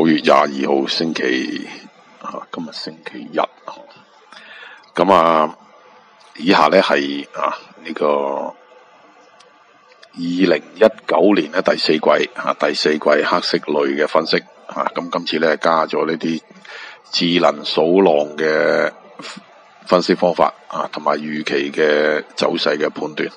九月廿二號星期啊，今日星期一咁啊，以下咧係啊呢個二零一九年咧第四季啊，第四季黑色類嘅分析啊，咁今次咧加咗呢啲智能數浪嘅分析方法啊，同埋預期嘅走勢嘅判斷。